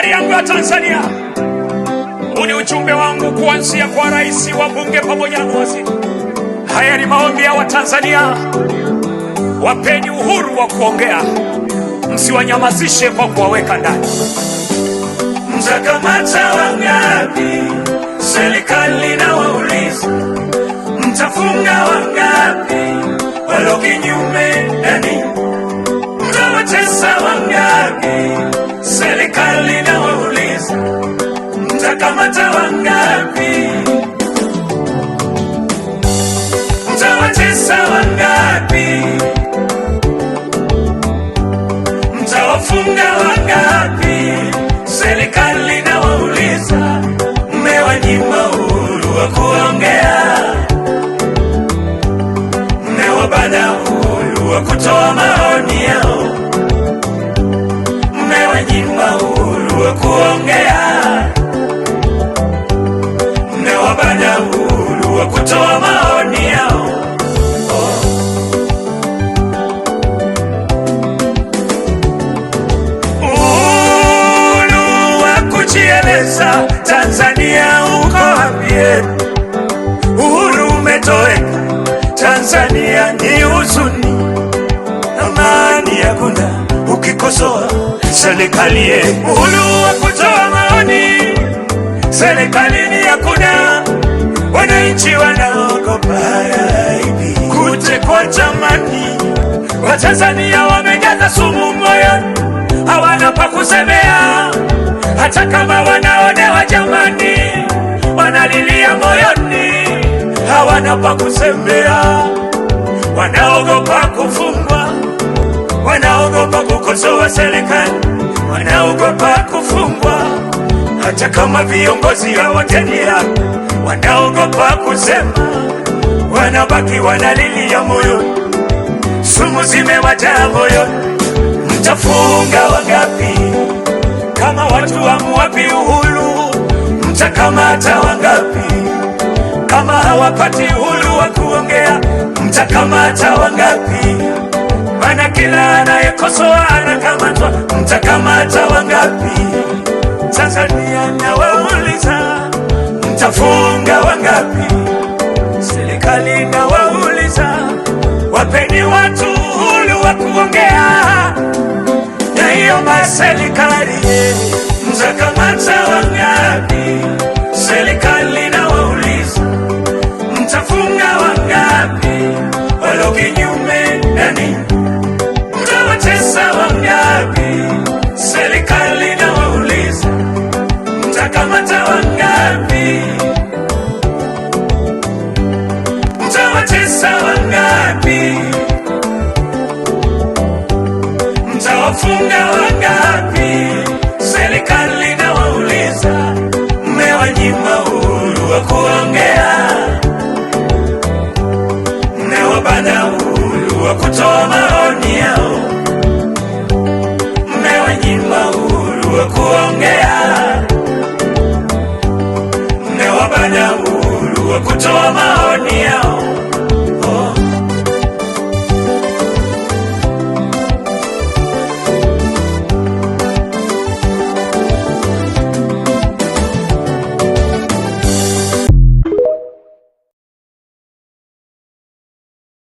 habari yangu ya Tanzania. Huu ni ujumbe wangu kuanzia kwa rais, bunge pamoja na waziri. Haya ni maombi ya Watanzania, wapeni uhuru wa kuongea, msiwanyamazishe kwa kuwaweka ndani. Mtakamata wangapi? Serikali na mtafunga wangapi walio kinyume nani? Mtawatesa wangapi? mtawatesa wangapi? Mtawafunga wangapi? Serikali na wauliza, mmewanyima uhuru wa kuongea, mmewabana uhuru wa kutoa maoni yao, mmewanyima uhuru wa kuongea kutoa maoni yao. wa kujieleza Tanzania uko wapi? Uhuru umetoweka Tanzania, ni huzuni, amani hakuna. Ukikosoa serikali, uhuru wa kutoa maoni wananchi wanaogopa jamani wa Watanzania wamejaza sumu moyoni, hawana pa kusemea, hata kama wanaonewa jamani, wanalilia moyoni, hawana pa kusemea, wanaogopa kufungwa, wanaogopa kukosoa serikali, wanaogopa kufungwa hata kama viongozi hawatendea, wanaogopa kusema, wanabaki wanalilia moyo, sumu zimewataa moyo. Mtafunga wangapi kama watu hamuwapi uhuru? Mtakamata wangapi kama hawapati uhuru wa kuongea? Mtakamata wangapi? Mana kila anayekosoa anakamatwa. Mtakamata wangapi? Sasa dunia nawauliza, mtafunga wangapi? Serikali nawauliza, wapeni watu uhuru wa kuongea na hiyo maserikali. Mtakamata wangapi? Serikali nawauliza, mtafunga wangapi walio kinyume nani? ninyi? Mtawatesa wangapi? Serikali mtakamata wangapi? Mtawatesa wangapi? Mtawafunga wangapi? Serikali nawauliza, mmewanyima uhuru wa kuongea, mmewabana uhuru wa kutoa